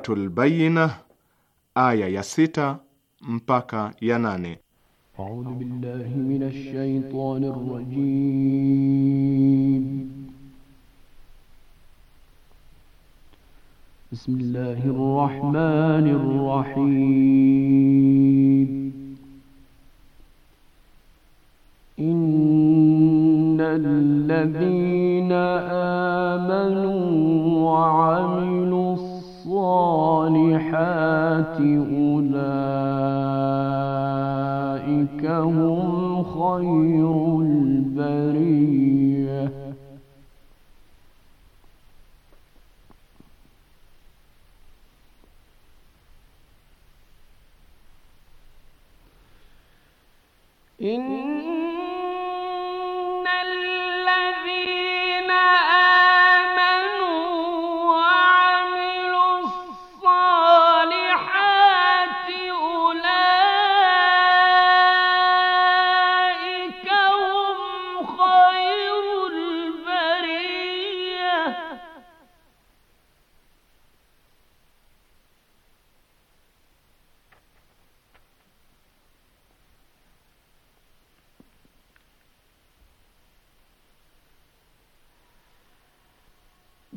Suratul Bayyina aya ya sita mpaka ya nane. A'udhu billahi minash shaitanir rajim. Bismillahir rahmanir rahim خير البريه إن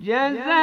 جزاء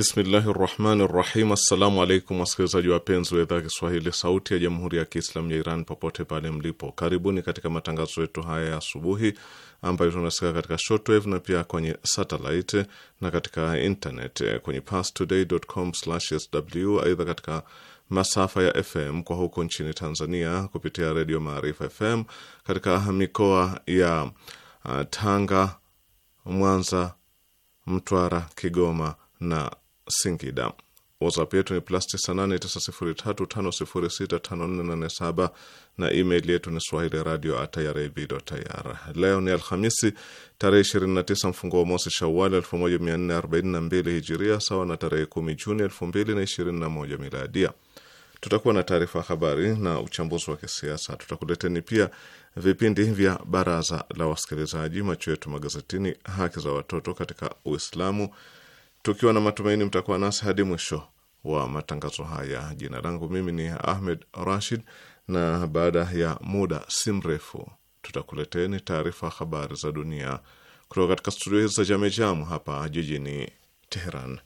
Bismillahi rahmani rahim. Assalamu alaikum wasikilizaji wapenzi wa idhaa ya Kiswahili sauti ya jamhuri ya Kiislamu ya Iran popote pale mlipo, karibuni katika matangazo yetu haya ya asubuhi ambayo tunasikika katika shortwave na pia kwenye satellite na katika internet eh, kwenye pastoday.com/sw. Aidha, katika masafa ya FM kwa huko nchini Tanzania kupitia redio Maarifa FM katika mikoa ya ah, Tanga, Mwanza, Mtwara, Kigoma na Singida. WhatsApp yetu ni plus 989035065487 na email yetu ni swahili radio irivr. Leo ni Alhamisi tarehe 29 mfungo wa mosi Shawali 1442 hijiria sawa na tarehe 10 Juni 2021 miladia. Tutakuwa na taarifa ya habari na uchambuzi wa kisiasa. Tutakuleteni pia vipindi vya baraza la wasikilizaji, macho yetu magazetini, haki za watoto katika Uislamu tukiwa na matumaini mtakuwa nasi hadi mwisho wa matangazo haya. Jina langu mimi ni Ahmed Rashid, na baada ya muda si mrefu tutakuleteni taarifa habari za dunia kutoka katika studio hizi za jamejamu hapa jijini Teheran.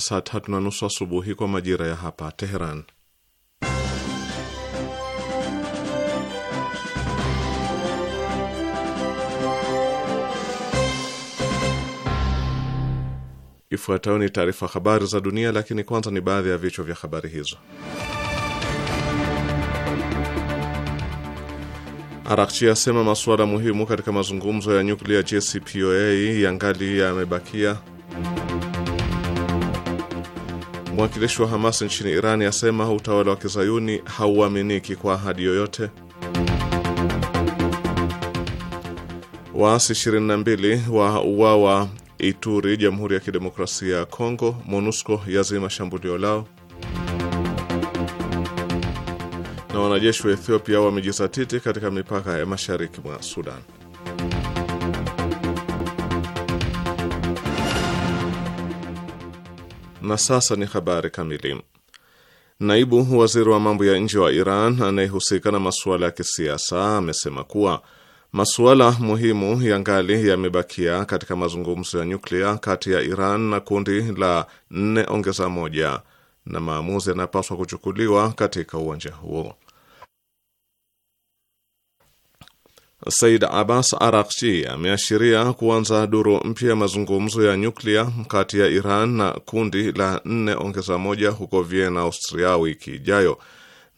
saa tatu na nusu asubuhi kwa majira ya hapa Teheran. Ifuatayo ni taarifa habari za dunia, lakini kwanza ni baadhi ya vichwa vya habari hizo. Arakchi asema masuala muhimu katika mazungumzo ya nyuklia JCPOA yangali yamebakia. Mwakilishi wa Hamas nchini Irani asema utawala wa kizayuni hauaminiki kwa ahadi yoyote. Waasi 22 wa uawa Ituri, Jamhuri ya Kidemokrasia ya Kongo. MONUSCO yazima shambulio lao. Na wanajeshi wa Ethiopia wamejizatiti katika mipaka ya mashariki mwa Sudan. Na sasa ni habari kamili. Naibu waziri wa mambo ya nje wa Iran anayehusika na masuala ya kisiasa amesema kuwa masuala muhimu yangali yamebakia katika mazungumzo ya nyuklia kati ya Iran na kundi la nne ongeza moja na maamuzi yanapaswa kuchukuliwa katika uwanja huo. Said Abbas Arakchi ameashiria kuanza duru mpya ya mazungumzo ya nyuklia kati ya Iran na kundi la nne ongeza moja huko Vienna, Austria wiki ijayo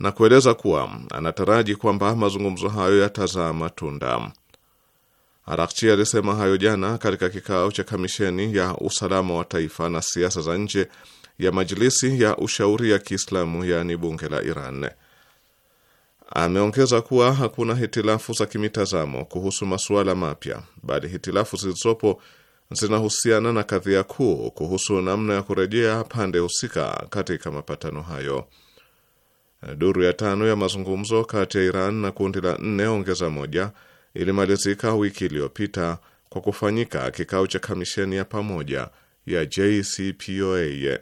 na kueleza kuwa anataraji kwamba mazungumzo hayo yatazaa matunda. Arakchi alisema hayo jana katika kikao cha kamisheni ya usalama wa taifa na siasa za nje ya Majilisi ya ushauri ya Kiislamu, yaani bunge la Iran. Ameongeza kuwa hakuna hitilafu za kimitazamo kuhusu masuala mapya, bali hitilafu zilizopo zinahusiana na kadhia kuu kuhusu namna ya kurejea pande husika katika mapatano hayo. Duru ya tano ya mazungumzo kati ya Iran na kundi la nne ongeza moja ilimalizika wiki iliyopita kwa kufanyika kikao cha kamisheni ya pamoja ya JCPOA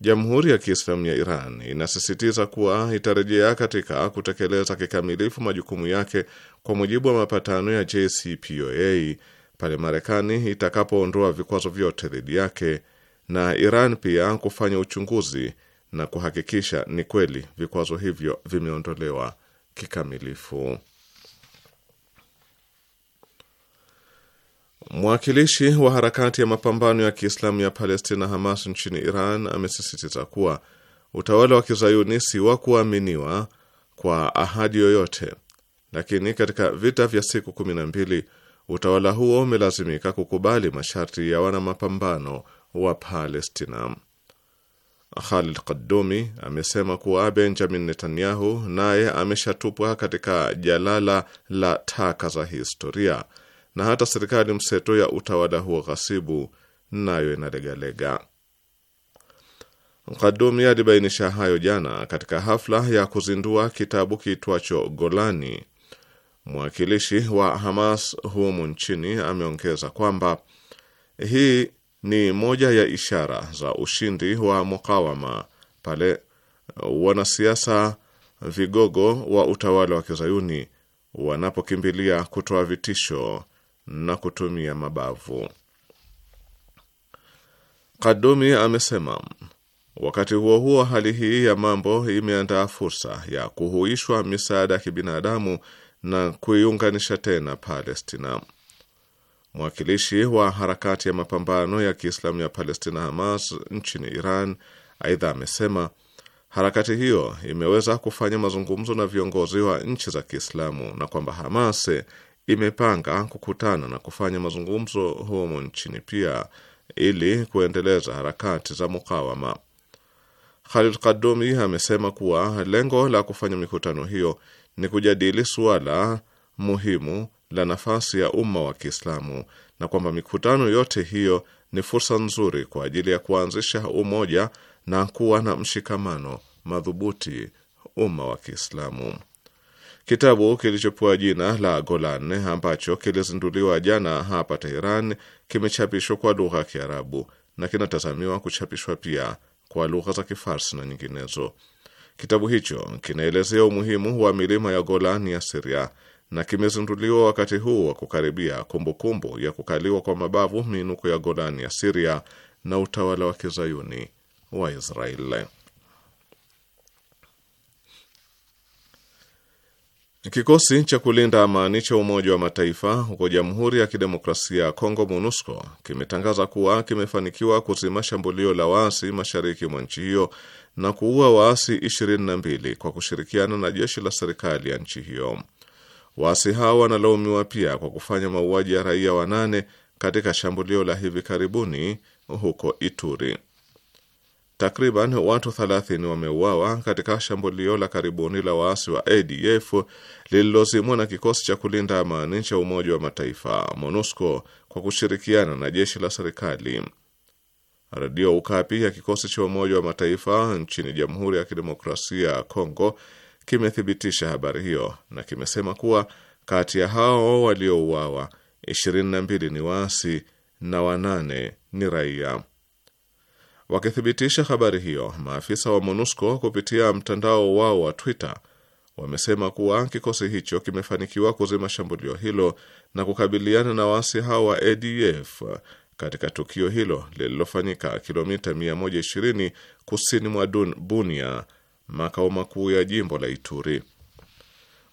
Jamhuri ya Kiislamu ya Iran inasisitiza kuwa itarejea katika kutekeleza kikamilifu majukumu yake kwa mujibu wa mapatano ya JCPOA pale Marekani itakapoondoa vikwazo vyote dhidi yake na Iran pia kufanya uchunguzi na kuhakikisha ni kweli vikwazo hivyo vimeondolewa kikamilifu. Mwakilishi wa harakati ya mapambano ya Kiislamu ya Palestina Hamas nchini Iran amesisitiza kuwa utawala wa kizayuni si wa kuaminiwa kwa ahadi yoyote, lakini katika vita vya siku kumi na mbili utawala huo umelazimika kukubali masharti ya wanamapambano wa Palestina. Khalid Qaddumi amesema kuwa Benjamin Netanyahu naye ameshatupwa katika jalala la taka za historia na hata serikali mseto ya utawala huo ghasibu nayo inalegalega. Kadumi alibainisha hayo jana katika hafla ya kuzindua kitabu kiitwacho Golani. Mwakilishi wa Hamas humu nchini ameongeza kwamba hii ni moja ya ishara za ushindi wa mukawama pale wanasiasa vigogo wa utawala wa kizayuni wanapokimbilia kutoa vitisho na kutumia mabavu. Kadumi amesema wakati huo huo, hali hii ya mambo imeandaa fursa ya kuhuishwa misaada ya kibinadamu na kuiunganisha tena Palestina. Mwakilishi wa harakati ya mapambano ya Kiislamu ya Palestina, Hamas, nchini Iran, aidha amesema harakati hiyo imeweza kufanya mazungumzo na viongozi wa nchi za Kiislamu na kwamba Hamas imepanga kukutana na kufanya mazungumzo humo nchini pia ili kuendeleza harakati za mukawama. Khalid Kadumi amesema kuwa lengo la kufanya mikutano hiyo ni kujadili suala muhimu la nafasi ya umma wa Kiislamu na kwamba mikutano yote hiyo ni fursa nzuri kwa ajili ya kuanzisha umoja na kuwa na mshikamano madhubuti umma wa Kiislamu. Kitabu kilichopewa jina la Golan ambacho kilizinduliwa jana hapa Teheran kimechapishwa kwa lugha ya Kiarabu na kinatazamiwa kuchapishwa pia kwa lugha za Kifarsi na nyinginezo. Kitabu hicho kinaelezea umuhimu wa milima ya Golan ya Siria na kimezinduliwa wakati huu wa kukaribia kumbukumbu kumbu ya kukaliwa kwa mabavu miinuko ya Golan ya Siria na utawala wa kizayuni wa Israeli. Kikosi cha kulinda amani cha Umoja wa Mataifa huko Jamhuri ya Kidemokrasia ya Kongo, MONUSCO, kimetangaza kuwa kimefanikiwa kuzima shambulio la waasi mashariki mwa nchi hiyo na kuua waasi 22 kwa kushirikiana na jeshi la serikali ya nchi hiyo. Waasi hao wanalaumiwa pia kwa kufanya mauaji ya raia wanane katika shambulio la hivi karibuni huko Ituri. Takriban watu 30 wameuawa katika shambulio la karibuni la waasi wa ADF lililozimwa na kikosi cha kulinda amani cha Umoja wa Mataifa MONUSCO kwa kushirikiana na jeshi la serikali. Redio Ukapi ya kikosi cha Umoja wa Mataifa nchini Jamhuri ya Kidemokrasia ya Kongo kimethibitisha habari hiyo na kimesema kuwa kati ya hao waliouawa 22 ni waasi na wanane ni raia. Wakithibitisha habari hiyo, maafisa wa MONUSCO kupitia mtandao wao wa Twitter wamesema kuwa kikosi hicho kimefanikiwa kuzima shambulio hilo na kukabiliana na waasi hao wa ADF katika tukio hilo lililofanyika kilomita 120 kusini mwa Bunia, makao makuu ya jimbo la Ituri.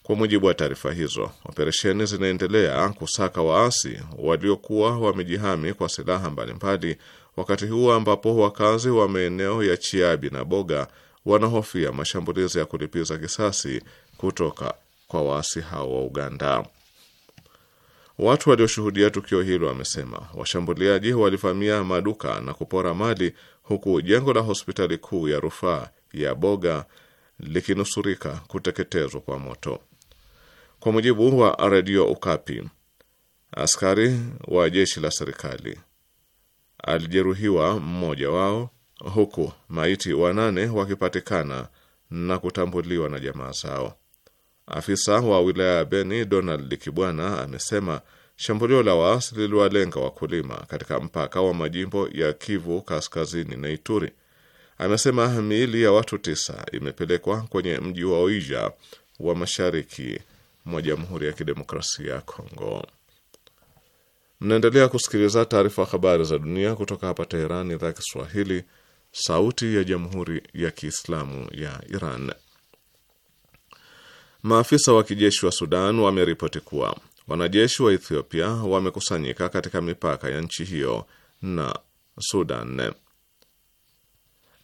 Kwa mujibu wa taarifa hizo, operesheni zinaendelea kusaka waasi waliokuwa wamejihami kwa silaha mbalimbali wakati huo ambapo wakazi wa maeneo ya Chiabi na Boga wanahofia mashambulizi ya kulipiza kisasi kutoka kwa waasi hao wa Uganda. Watu walioshuhudia tukio hilo wamesema washambuliaji walivamia maduka na kupora mali, huku jengo la hospitali kuu ya rufaa ya Boga likinusurika kuteketezwa kwa moto. Kwa mujibu wa redio Ukapi, askari wa jeshi la serikali alijeruhiwa mmoja wao, huku maiti wanane wakipatikana na kutambuliwa na jamaa zao. Afisa wa wilaya ya Beni Donald Kibwana amesema shambulio la waasi liliwalenga wakulima katika mpaka wa majimbo ya Kivu Kaskazini na Ituri. Amesema miili ya watu tisa imepelekwa kwenye mji wa Oija wa mashariki mwa Jamhuri ya Kidemokrasia ya Kongo. Mnaendelea kusikiliza taarifa ya habari za dunia kutoka hapa Teherani, idhaa ya Kiswahili, sauti ya jamhuri ya kiislamu ya Iran. Maafisa wa kijeshi wa Sudan wameripoti kuwa wanajeshi wa Ethiopia wamekusanyika katika mipaka ya nchi hiyo na Sudan.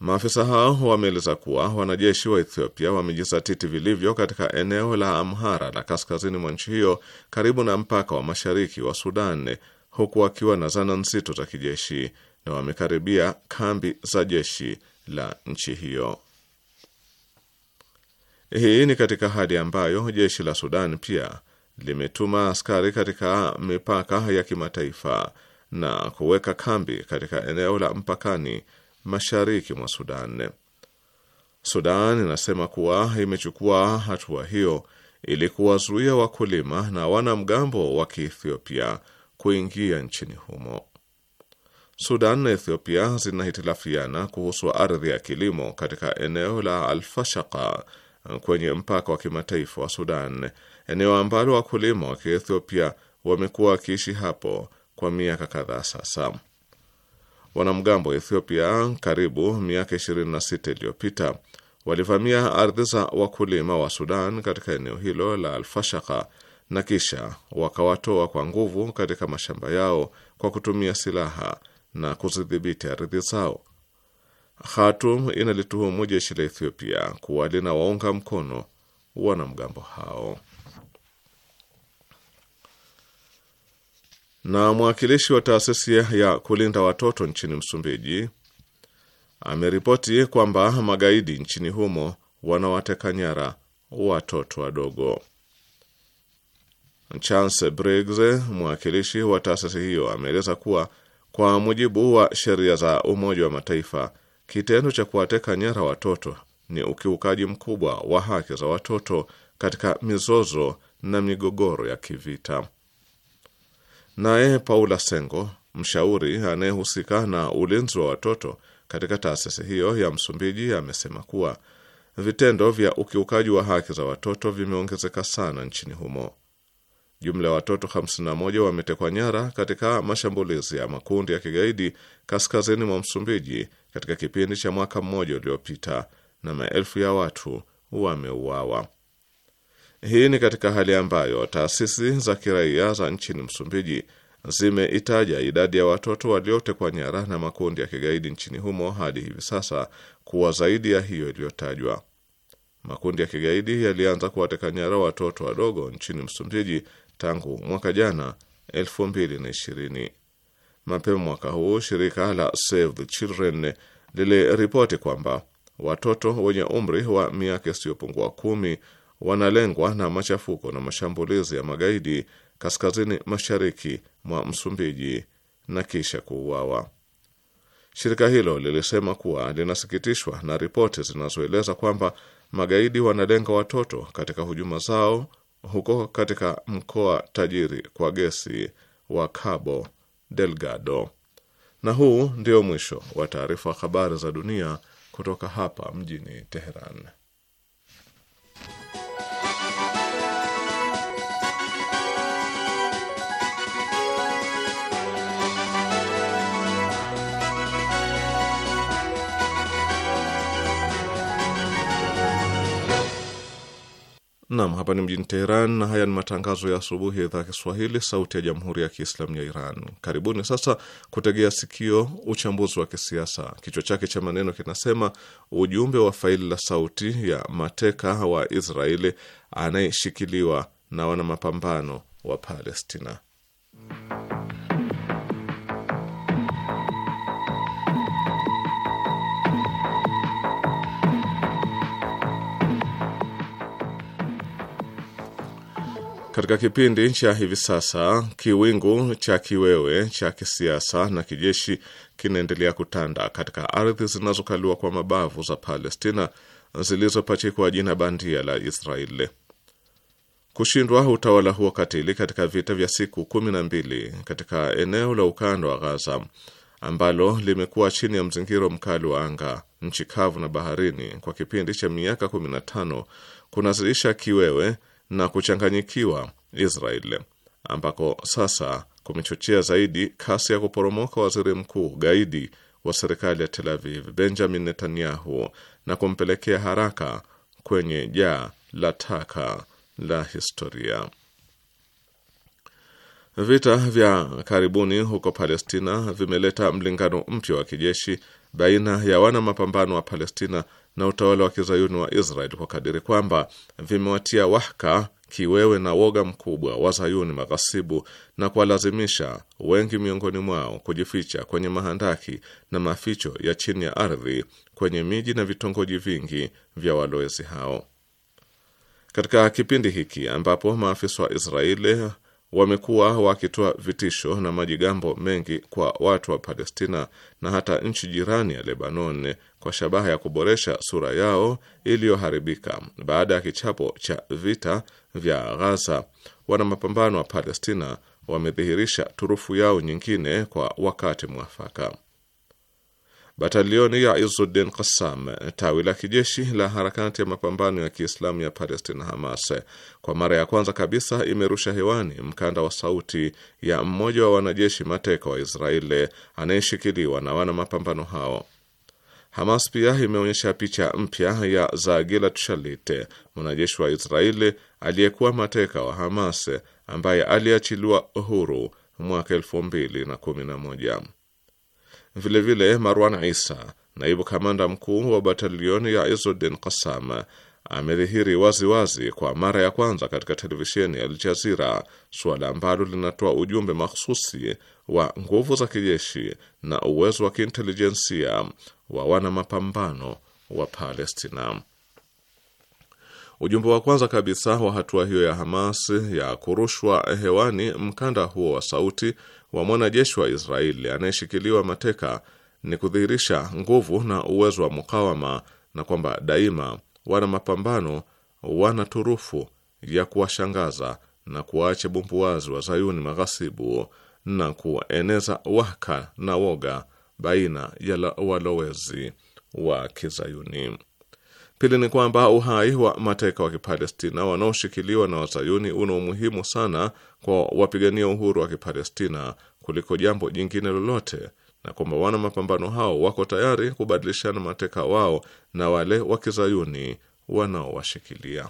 Maafisa hao wameeleza kuwa wanajeshi wa Ethiopia wamejizatiti vilivyo katika eneo la Amhara la kaskazini mwa nchi hiyo karibu na mpaka wa mashariki wa Sudan, huku wakiwa na zana nzito za kijeshi na wamekaribia kambi za jeshi la nchi hiyo. Hii ni katika hali ambayo jeshi la Sudan pia limetuma askari katika mipaka ya kimataifa na kuweka kambi katika eneo la mpakani mashariki mwa Sudan. Sudan inasema kuwa imechukua hatua hiyo ili kuwazuia wakulima na wanamgambo wa Kiethiopia kuingia nchini humo. Sudan na Ethiopia zinahitilafiana kuhusu ardhi ya kilimo katika eneo la Alfashaka kwenye mpaka wa kimataifa wa Sudan, eneo ambalo wakulima wa Kiethiopia wamekuwa wakiishi hapo kwa miaka kadhaa sasa wanamgambo wa Ethiopia karibu miaka 26 iliyopita walivamia ardhi za wakulima wa Sudan katika eneo hilo la Alfashaka na kisha wakawatoa kwa nguvu katika mashamba yao kwa kutumia silaha na kuzidhibiti ardhi zao. Khartoum inalituhumu jeshi la Ethiopia kuwa linawaunga mkono wanamgambo hao. Na mwakilishi wa taasisi ya kulinda watoto nchini Msumbiji ameripoti kwamba magaidi nchini humo wanawateka nyara watoto wadogo. Chance Briggs, mwakilishi wa taasisi hiyo, ameeleza kuwa kwa mujibu wa sheria za Umoja wa Mataifa, kitendo cha kuwateka nyara watoto ni ukiukaji mkubwa wa haki za watoto katika mizozo na migogoro ya kivita. Naye Paula Sengo, mshauri anayehusika na ulinzi wa watoto katika taasisi hiyo ya Msumbiji, amesema kuwa vitendo vya ukiukaji wa haki za watoto vimeongezeka sana nchini humo. Jumla ya watoto 51 wametekwa nyara katika mashambulizi ya makundi ya kigaidi kaskazini mwa Msumbiji katika kipindi cha mwaka mmoja uliopita na maelfu ya watu wameuawa. Hii ni katika hali ambayo taasisi za kiraia za nchini Msumbiji zimeitaja idadi ya watoto waliotekwa nyara na makundi ya kigaidi nchini humo hadi hivi sasa kuwa zaidi ya hiyo iliyotajwa. Makundi ya kigaidi yalianza kuwateka nyara watoto wadogo nchini Msumbiji tangu mwaka jana 2020. Mapema mwaka huu shirika la Save the Children liliripoti kwamba watoto wenye umri wa miaka isiyopungua kumi wanalengwa na machafuko na mashambulizi ya magaidi kaskazini mashariki mwa Msumbiji na kisha kuuawa. Shirika hilo lilisema kuwa linasikitishwa na ripoti zinazoeleza kwamba magaidi wanalenga watoto katika hujuma zao huko katika mkoa tajiri kwa gesi wa Cabo Delgado. Na huu ndio mwisho wa taarifa habari za dunia kutoka hapa mjini Teheran. Nam, hapa ni mjini Teheran na haya ni matangazo ya asubuhi ya idhaa ya Kiswahili, sauti ya jamhuri ya kiislamu ya Iran. Karibuni sasa kutegea sikio uchambuzi wa kisiasa, kichwa chake cha maneno kinasema ujumbe wa faili la sauti ya mateka wa Israeli anayeshikiliwa na wanamapambano wa Palestina. katika kipindi cha hivi sasa kiwingu cha kiwewe cha kisiasa na kijeshi kinaendelea kutanda katika ardhi zinazokaliwa kwa mabavu za Palestina zilizopachikwa jina bandia la Israeli. Kushindwa utawala huo katili katika vita vya siku kumi na mbili katika eneo la ukanda wa Gaza ambalo limekuwa chini ya mzingiro mkali wa anga, nchi kavu na baharini kwa kipindi cha miaka 15 kunazidisha kiwewe na kuchanganyikiwa Israel ambako sasa kumechochea zaidi kasi ya kuporomoka waziri mkuu gaidi wa serikali ya Tel Aviv Benjamin Netanyahu na kumpelekea haraka kwenye jaa la taka la historia. Vita vya karibuni huko Palestina vimeleta mlingano mpya wa kijeshi baina ya wana mapambano wa Palestina na utawala wa kizayuni wa Israel kwa kadiri kwamba vimewatia wahka kiwewe na woga mkubwa wa zayuni maghasibu na kuwalazimisha wengi miongoni mwao kujificha kwenye mahandaki na maficho ya chini ya ardhi kwenye miji na vitongoji vingi vya walowezi hao. Katika kipindi hiki ambapo maafisa wa Israeli wamekuwa wakitoa vitisho na majigambo mengi kwa watu wa Palestina na hata nchi jirani ya Lebanon kwa shabaha ya kuboresha sura yao iliyoharibika baada ya kichapo cha vita vya Ghaza. Wana mapambano wa Palestina wamedhihirisha turufu yao nyingine kwa wakati mwafaka. Batalioni ya Izuddin Qassam, tawi la kijeshi la harakati ya mapambano ya Kiislamu ya Palestina, Hamas, kwa mara ya kwanza kabisa imerusha hewani mkanda wa sauti ya mmoja wa wanajeshi mateka wa Israeli anayeshikiliwa na wana mapambano hao. Hamas pia imeonyesha picha mpya ya Zagilat Shalit, mwanajeshi wa Israeli aliyekuwa mateka wa Hamas ambaye aliachiliwa huru mwaka elfu mbili na kumi na moja. Vilevile vile Marwan Isa, naibu kamanda mkuu wa batalioni ya Izudin Kasam, amedhihiri waziwazi kwa mara ya kwanza katika televisheni ya Aljazira, suala ambalo linatoa ujumbe makhususi wa nguvu za kijeshi na uwezo wa kiintelijensia wa wana mapambano wa Palestina. Ujumbe wa kwanza kabisa wa hatua hiyo ya Hamas ya kurushwa hewani mkanda huo wa sauti wa mwanajeshi wa Israeli anayeshikiliwa mateka ni kudhihirisha nguvu na uwezo wa mukawama na kwamba daima wana mapambano, wana turufu ya kuwashangaza na kuwaache bumbuwazi wa Zayuni maghasibu na kueneza waka na woga baina ya walowezi wa Kizayuni. Pili ni kwamba uhai wa mateka wa Kipalestina wanaoshikiliwa na wazayuni una umuhimu sana kwa wapigania uhuru wa Kipalestina kuliko jambo jingine lolote, na kwamba wana mapambano hao wako tayari kubadilishana mateka wao na wale wa kizayuni wanaowashikilia.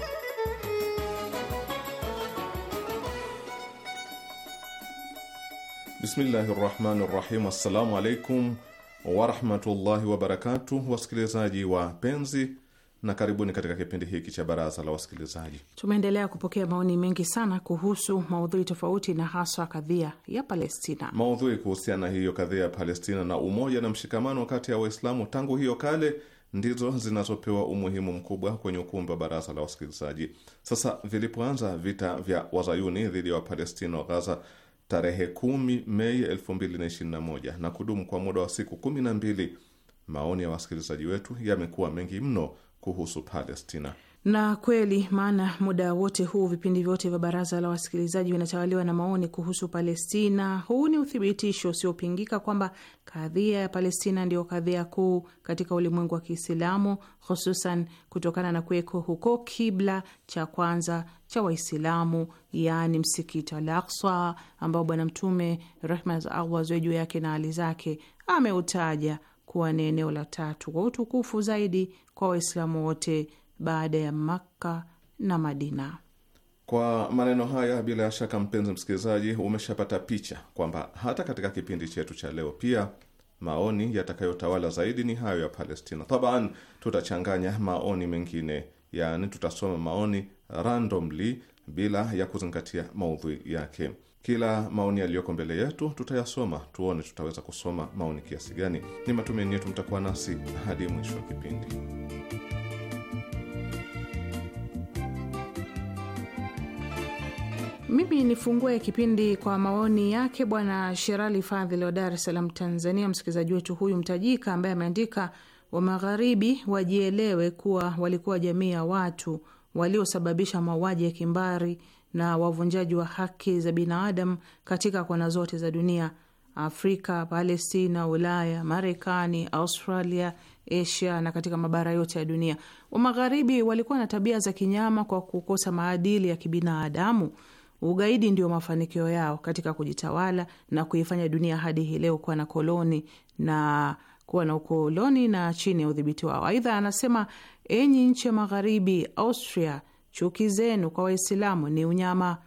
Bismillahi rahmani rahim. Assalamu alaikum warahmatullahi wabarakatuh, wasikilizaji wapenzi, na karibuni katika kipindi hiki cha baraza la wasikilizaji. Tumeendelea kupokea maoni mengi sana kuhusu maudhui tofauti na haswa kadhia ya Palestina. Maudhui kuhusiana hiyo kadhia ya Palestina na umoja na mshikamano kati ya Waislamu tangu hiyo kale ndizo zinazopewa umuhimu mkubwa kwenye ukumbi wa baraza la wasikilizaji. Sasa vilipoanza vita vya wazayuni dhidi ya wapalestina wa Gaza tarehe 10 Mei 2021 na kudumu kwa muda wa siku 12. Maoni ya wasikilizaji wetu yamekuwa mengi mno kuhusu Palestina. Na kweli maana muda wote huu vipindi vyote vya baraza la wasikilizaji vinatawaliwa na maoni kuhusu Palestina. Huu ni uthibitisho usiopingika kwamba kadhia ya Palestina ndiyo kadhia kuu katika ulimwengu wa Kiislamu, hususan kutokana na kuweko huko kibla cha kwanza cha Waislamu, yaani msikiti Al ambao Bwana Mtume rehma za Allah ziwe juu yake na hali zake ameutaja kuwa ni eneo la tatu kwa utukufu zaidi kwa Waislamu wote baada ya Makka na Madina. Kwa maneno haya, bila shaka, mpenzi msikilizaji, umeshapata picha kwamba hata katika kipindi chetu cha leo pia maoni yatakayotawala zaidi ni hayo ya Palestina. Taban, tutachanganya maoni mengine, yaani tutasoma maoni randomly bila ya kuzingatia maudhui yake. Kila maoni yaliyoko mbele yetu tutayasoma, tuone tutaweza kusoma maoni kiasi gani. Ni matumaini yetu mtakuwa nasi hadi mwisho wa kipindi. Mimi nifungue kipindi kwa maoni yake Bwana Sherali Fadhili wa Dar es Salaam, Tanzania, msikilizaji wetu huyu mtajika, ambaye ameandika wa magharibi wajielewe kuwa walikuwa jamii ya watu waliosababisha mauaji ya kimbari na wavunjaji wa haki za binadamu katika kona zote za dunia: Afrika, Palestina, Ulaya, Marekani, Australia, Asia na katika mabara yote ya dunia. Wa magharibi walikuwa na tabia za kinyama kwa kukosa maadili ya kibinadamu Ugaidi ndio mafanikio yao katika kujitawala na kuifanya dunia hadi hii leo kuwa na koloni na kuwa na ukoloni na chini ya udhibiti wao. Aidha anasema, enyi nchi ya magharibi, Austria, chuki zenu kwa Waislamu ni unyama.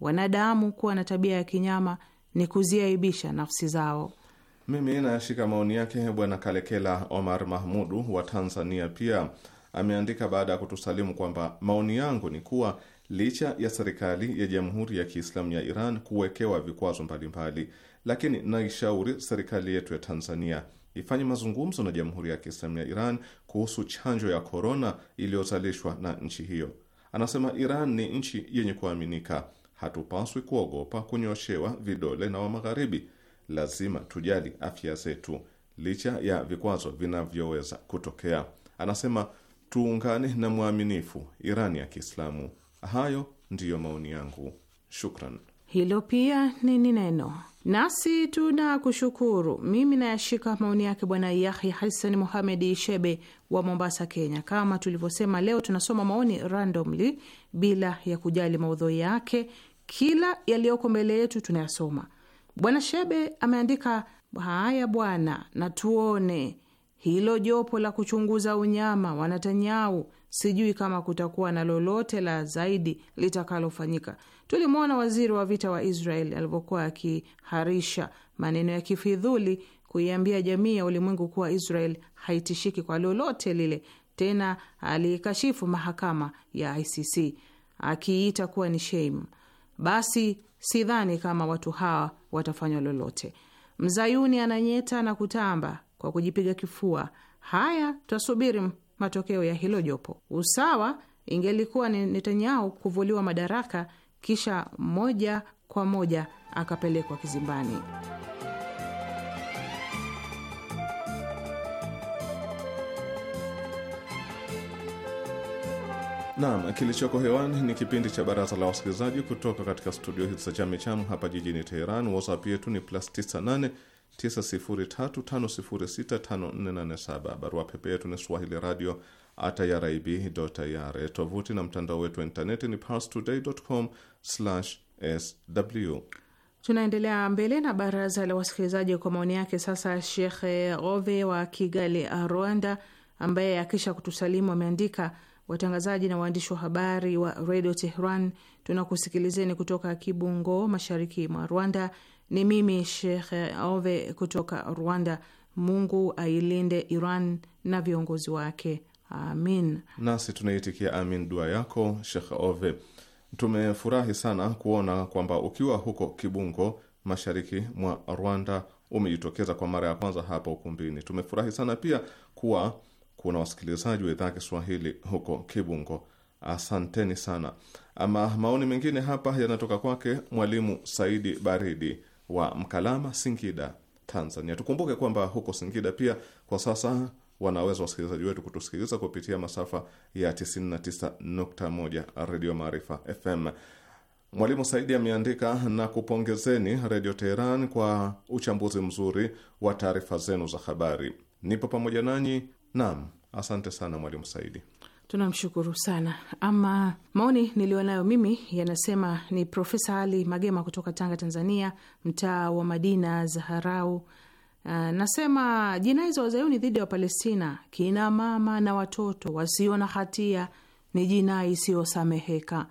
Wanadamu kuwa na tabia ya kinyama ni kuziaibisha nafsi zao. Mimi nayashika maoni yake Bwana Kalekela Omar Mahmudu wa Tanzania pia ameandika baada ya kutusalimu kwamba maoni yangu ni kuwa licha ya serikali ya Jamhuri ya Kiislamu ya Iran kuwekewa vikwazo mbalimbali, lakini naishauri serikali yetu ya Tanzania ifanye mazungumzo na Jamhuri ya Kiislamu ya Iran kuhusu chanjo ya korona iliyozalishwa na nchi hiyo. Anasema Iran ni nchi yenye kuaminika, hatupaswi kuogopa kunyoshewa vidole na wa Magharibi. Lazima tujali afya zetu licha ya vikwazo vinavyoweza kutokea. Anasema tuungane na mwaminifu Iran ya Kiislamu. Hayo ndiyo maoni yangu, shukran. Hilo pia ni neno nasi tuna kushukuru. Mimi nayashika maoni yake Bwana Yahya Hassan muhamedi Shebe wa Mombasa, Kenya. Kama tulivyosema, leo tunasoma maoni randomly bila ya kujali maudhui yake, kila yaliyoko mbele yetu tunayasoma. Bwana Shebe ameandika haya bwana, na tuone hilo jopo la kuchunguza unyama wa Sijui kama kutakuwa na lolote la zaidi litakalofanyika. Tulimwona waziri wa vita wa Israel alivyokuwa akiharisha maneno ya kifidhuli kuiambia jamii ya ulimwengu kuwa Israel haitishiki kwa lolote lile. Tena alikashifu mahakama ya ICC akiita kuwa ni shame. Basi sidhani kama watu hawa watafanywa lolote. Mzayuni ananyeta na kutamba kwa kujipiga kifua. Haya, twasubiri matokeo ya hilo jopo. Usawa ingelikuwa ni Netanyahu kuvuliwa madaraka kisha moja kwa moja akapelekwa kizimbani. Naam, kilichoko hewani ni kipindi cha baraza la wasikilizaji kutoka katika studio hizi za chamicham hapa jijini Teheran. WhatsApp yetu ni plus 98 903506547. Barua pepe yetu ni swahili radio at irib e. Tovuti na mtandao wetu wa intaneti ni parstoday.com sw. Tunaendelea mbele na baraza la wasikilizaji kwa maoni yake. Sasa shekhe Ove wa Kigali, Rwanda, ambaye akisha kutusalimu ameandika Watangazaji na waandishi wa habari wa redio Tehran, tunakusikilizeni kutoka Kibungo, mashariki mwa Rwanda. Ni mimi Shekhe Ove kutoka Rwanda. Mungu ailinde Iran na viongozi wake, amin. Nasi tunaitikia amin dua yako Shekhe Ove. Tumefurahi sana kuona kwamba ukiwa huko Kibungo, mashariki mwa Rwanda, umejitokeza kwa mara ya kwanza hapa ukumbini. Tumefurahi sana pia kuwa kuna wasikilizaji wa idhaa ya Kiswahili huko Kibungo. Asanteni sana. Ama maoni mengine hapa yanatoka kwake mwalimu Saidi Baridi wa Mkalama, Singida, Tanzania. Tukumbuke kwamba huko Singida pia kwa sasa wanaweza wasikilizaji wetu kutusikiliza kupitia masafa ya 99.1 Redio Maarifa FM. Mwalimu Saidi ameandika na kupongezeni Redio Teheran kwa uchambuzi mzuri wa taarifa zenu za habari. Nipo pamoja nanyi. Naam, asante sana Mwalimu Saidi. Tunamshukuru sana. Ama maoni nayo mimi yanasema ni Profesa Ali Magema kutoka Tanga, Tanzania, mtaa wa Madina Zaharau. Uh, nasema jinai za wazayuni dhidi ya Wapalestina, kina mama na watoto wasio na hatia ni jinai isiyosameheka.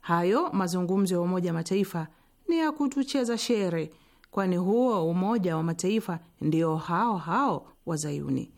Hayo mazungumzo ya Umoja wa Mataifa ni ya kutucheza shere, kwani huo Umoja wa Mataifa ndio hao hao wazayuni.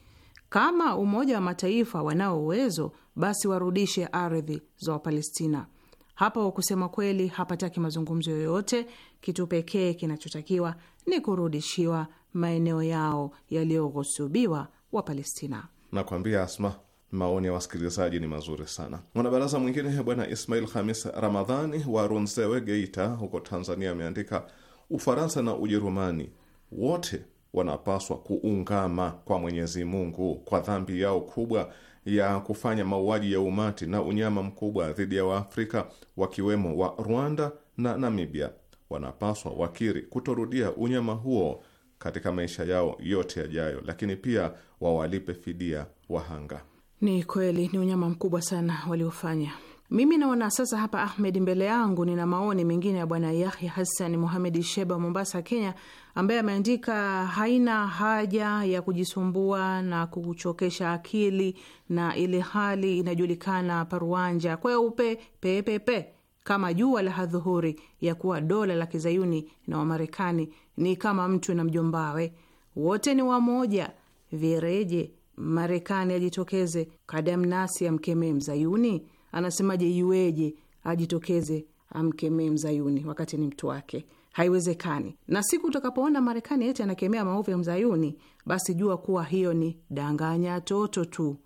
Kama Umoja wa Mataifa wanao uwezo, basi warudishe ardhi za Wapalestina. Hapo kusema kweli, hapataki mazungumzo yoyote. Kitu pekee kinachotakiwa ni kurudishiwa maeneo yao yaliyoghusubiwa Wapalestina. Nakwambia Asma, maoni ya wasikilizaji ni mazuri sana. Mwanabaraza mwingine Bwana Ismail Hamis Ramadhani wa Runzewe, Geita huko Tanzania, ameandika Ufaransa na Ujerumani wote wanapaswa kuungama kwa Mwenyezi Mungu kwa dhambi yao kubwa ya kufanya mauaji ya umati na unyama mkubwa dhidi ya Waafrika wakiwemo wa Rwanda na Namibia. Wanapaswa wakiri kutorudia unyama huo katika maisha yao yote yajayo, lakini pia wawalipe fidia wahanga. Ni kweli ni unyama mkubwa sana waliofanya. Mimi naona sasa hapa, Ahmed, mbele yangu nina maoni mengine ya bwana Yahya Hassan Muhamed Sheba, Mombasa, Kenya, ambaye ameandika haina haja ya kujisumbua na kuchokesha akili, na ile hali inajulikana paruanja kweupe pepepe kama jua la hadhuhuri, ya kuwa dola la kizayuni na Wamarekani ni kama mtu na mjombawe, wote ni wamoja. Vireje Marekani ajitokeze kadamnasi ya mkemee mzayuni anasemaje, iweje ajitokeze amkemee mzayuni wakati ni mtu wake? Haiwezekani. Na siku utakapoona Marekani eti anakemea maovu ya mzayuni, basi jua kuwa hiyo ni danganya toto tu.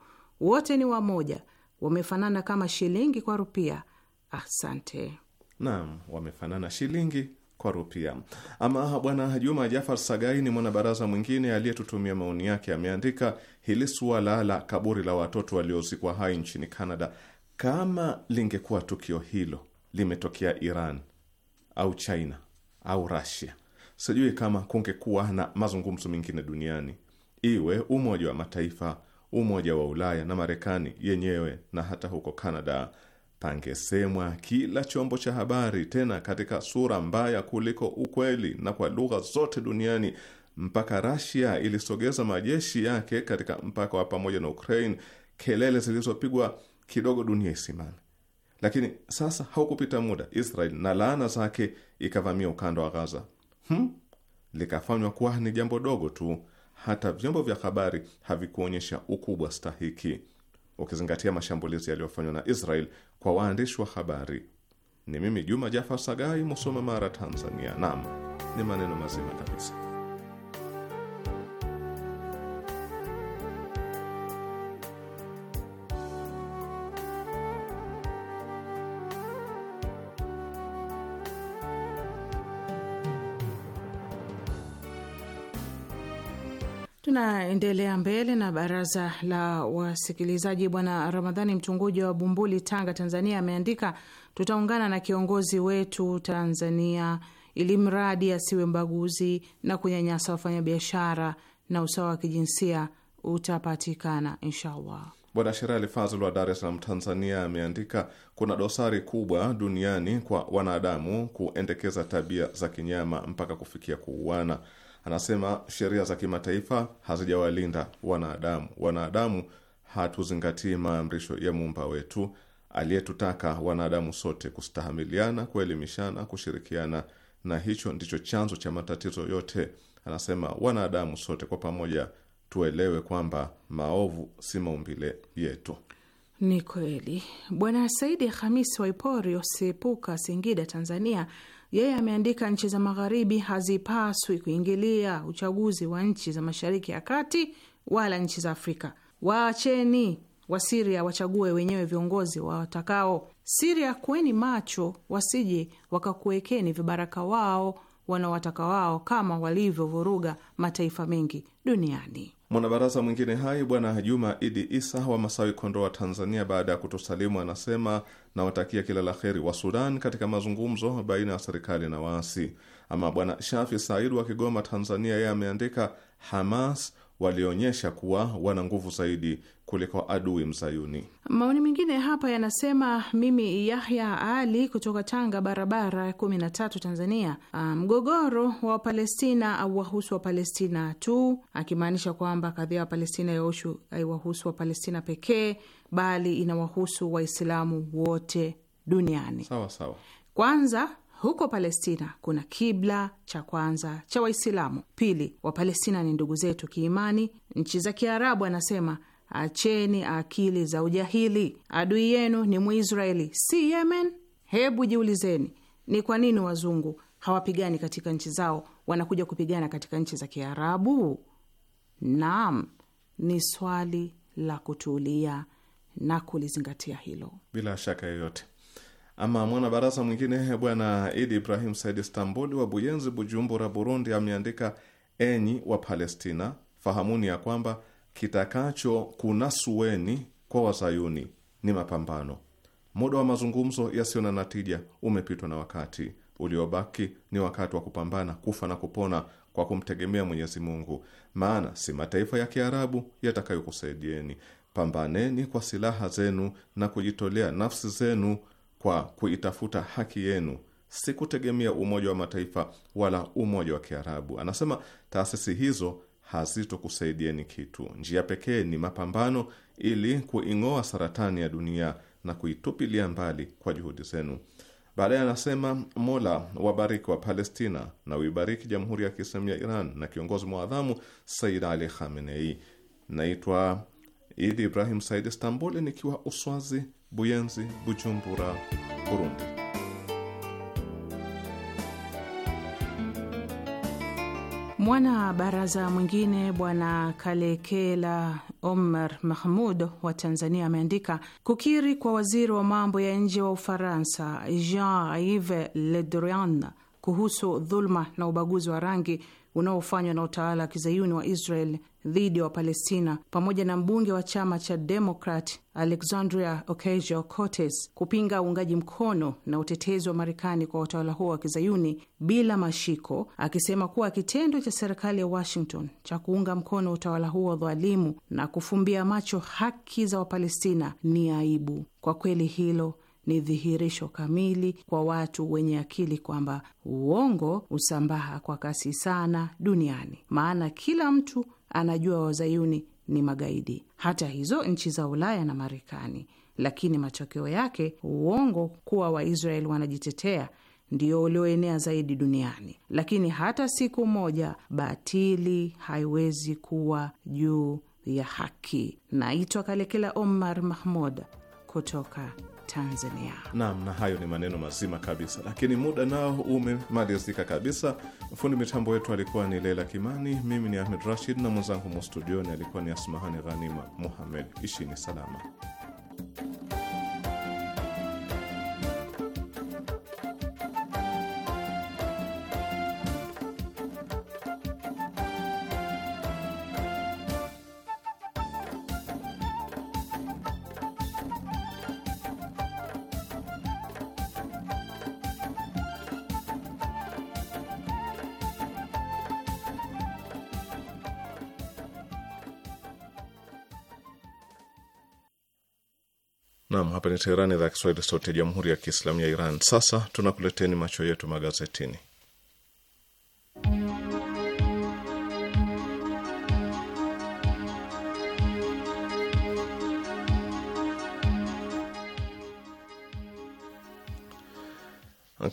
Wote ni wamoja, wamefanana kama shilingi kwa rupia. Asante. Naam, wamefanana shilingi kwa rupia. Ama Bwana Juma Jafar Sagai ni mwanabaraza mwingine aliyetutumia maoni yake. Ameandika hili suala la kaburi la watoto waliozikwa hai nchini Canada kama lingekuwa tukio hilo limetokea Iran au China au Rasia, sijui kama kungekuwa na mazungumzo mengine duniani, iwe Umoja wa Mataifa, Umoja wa Ulaya na Marekani yenyewe na hata huko canada pangesemwa kila chombo cha habari, tena katika sura mbaya kuliko ukweli na kwa lugha zote duniani. Mpaka Rasia ilisogeza majeshi yake katika mpaka wa pamoja na Ukraine, kelele zilizopigwa kidogo dunia isimame. Lakini sasa haukupita muda, Israel na laana zake ikavamia ukanda wa Gaza. Hmm? Likafanywa kuwa ni jambo dogo tu, hata vyombo vya habari havikuonyesha ukubwa stahiki, ukizingatia mashambulizi yaliyofanywa na Israel kwa waandishi wa habari. Ni mimi Juma Jafar Sagai, Musoma, Mara, Tanzania. Naam, ni maneno mazima kabisa. Tunaendelea mbele na baraza la wasikilizaji. Bwana Ramadhani Mchunguji wa Bumbuli, Tanga, Tanzania, ameandika tutaungana na kiongozi wetu Tanzania ili mradi asiwe mbaguzi na kunyanyasa wafanyabiashara na usawa wa kijinsia utapatikana inshallah. Bwana Sherali Fazl wa Dar es Salaam, Tanzania, ameandika kuna dosari kubwa duniani kwa wanadamu kuendekeza tabia za kinyama mpaka kufikia kuuana. Anasema sheria za kimataifa hazijawalinda wanadamu. Wanadamu hatuzingatii maamrisho ya muumba wetu aliyetutaka wanadamu sote kustahamiliana, kuelimishana, kushirikiana, na hicho ndicho chanzo cha matatizo yote. Anasema wanadamu sote kwa pamoja tuelewe kwamba maovu si maumbile yetu. Ni kweli. Bwana Saidi Hamisi waipori Osepuka, Singida, Tanzania yeye ameandika, nchi za magharibi hazipaswi kuingilia uchaguzi wa nchi za mashariki ya kati wala nchi za Afrika. Waacheni Wasiria wachague wenyewe viongozi wawatakao. Siria, kweni macho, wasije wakakuwekeni vibaraka wao wanaowataka wao, kama walivyovuruga mataifa mengi duniani. Mwanabaraza mwingine hai Bwana Juma Idi Isa wa Masawi, Kondoa, Tanzania, baada ya kutosalimu anasema nawatakia kila la heri wa Sudan katika mazungumzo baina ya serikali na waasi. Ama Bwana Shafi Said wa Kigoma, Tanzania, yeye ameandika Hamas walionyesha kuwa wana nguvu zaidi kuliko adui mzayuni. Maoni mengine hapa yanasema, mimi Yahya Ali kutoka Tanga, barabara kumi na tatu, Tanzania. Ah, mgogoro wa Wapalestina auwahusu Wapalestina tu, akimaanisha kwamba kadhia ya Wapalestina yaushu aiwahusu Wapalestina pekee, bali inawahusu Waislamu wote duniani. Sawa sawa. Kwanza huko Palestina kuna kibla cha kwanza cha Waislamu. Pili, Wapalestina ni ndugu zetu kiimani. Nchi za Kiarabu anasema acheni akili za ujahili, adui yenu ni Mwisraeli si Yemen. Hebu jiulizeni, ni kwa nini wazungu hawapigani katika nchi zao, wanakuja kupigana katika nchi za Kiarabu? Naam, ni swali la kutulia na kulizingatia hilo bila shaka yoyote. Ama mwanabaraza mwingine bwana Idi Ibrahim Said Istanbuli wa Buyenzi, Bujumbura, Burundi, ameandika enyi wa Palestina, fahamuni ya kwamba kitakacho kunasueni kwa wazayuni ni mapambano. Muda wa mazungumzo yasiyo na natija umepitwa na wakati, uliobaki ni wakati wa kupambana kufa na kupona kwa kumtegemea Mwenyezi Mungu, maana si mataifa ya Kiarabu yatakayokusaidieni. Pambaneni kwa silaha zenu na kujitolea nafsi zenu kwa kuitafuta haki yenu, si kutegemea Umoja wa Mataifa wala Umoja wa Kiarabu. Anasema taasisi hizo hazitokusaidieni kitu. Njia pekee ni mapambano ili kuing'oa saratani ya dunia na kuitupilia mbali kwa juhudi zenu. Baadaye anasema Mola wabariki wa Palestina na uibariki Jamhuri ya Kiislamu ya Iran na kiongozi mwadhamu Said Ali Khamenei. Naitwa Idi Ibrahim Said Istanbul, nikiwa Uswazi Buyenzi, Bujumbura, Burundi. Mwana baraza mwingine Bwana Kalekela Omar Mahmud wa Tanzania ameandika kukiri kwa waziri wa mambo ya nje wa Ufaransa Jean-Yves Le Drian kuhusu dhuluma na ubaguzi wa rangi unaofanywa na utawala wa kizayuni wa Israel dhidi ya Wapalestina pamoja na mbunge wa chama cha Demokrat Alexandria Ocasio Cortes kupinga uungaji mkono na utetezi wa Marekani kwa utawala huo wa kizayuni bila mashiko, akisema kuwa kitendo cha serikali ya Washington cha kuunga mkono utawala huo wa dhalimu na kufumbia macho haki za Wapalestina ni aibu. Kwa kweli hilo ni dhihirisho kamili kwa watu wenye akili kwamba uongo husambaha kwa kasi sana duniani, maana kila mtu anajua wazayuni ni magaidi, hata hizo nchi za Ulaya na Marekani. Lakini matokeo yake uongo kuwa Waisraeli wanajitetea ndio ulioenea zaidi duniani. Lakini hata siku moja batili haiwezi kuwa juu ya haki. Naitwa Kalekela Omar Mahmud kutoka Tanzania. Naam, na hayo ni maneno mazima kabisa, lakini muda nao umemalizika kabisa. Fundi mitambo wetu alikuwa ni Leila Kimani, mimi ni Ahmed Rashid na mwenzangu mustudioni alikuwa ni Asmahani Ghanima Muhamed. Ishini salama. Naam, hapa ni Teherani, idhaa ya Kiswahili, sauti ya jamhuri ya kiislamu ya Iran. Sasa tunakuleteni macho yetu magazetini.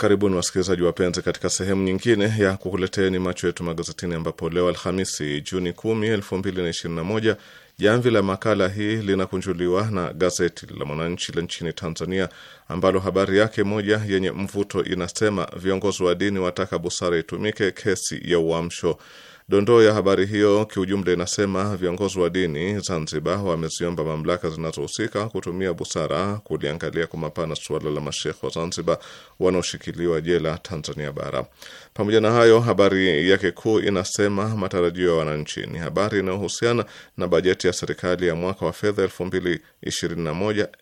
Karibuni wasikilizaji wapenzi, katika sehemu nyingine ya kukuleteeni macho yetu magazetini, ambapo leo Alhamisi Juni 10, 2021 jamvi la makala hii linakunjuliwa na gazeti la Mwananchi la nchini Tanzania, ambalo habari yake moja yenye mvuto inasema viongozi wa dini wataka busara itumike kesi ya Uamsho. Dondoo ya habari hiyo kiujumla inasema viongozi wa dini Zanzibar wameziomba mamlaka zinazohusika kutumia busara kuliangalia kwa mapana suala la mashekhe wa Zanzibar wanaoshikiliwa jela Tanzania Bara. Pamoja na hayo, habari yake kuu inasema matarajio ya wananchi ni habari inayohusiana na bajeti ya serikali ya mwaka wa fedha 2021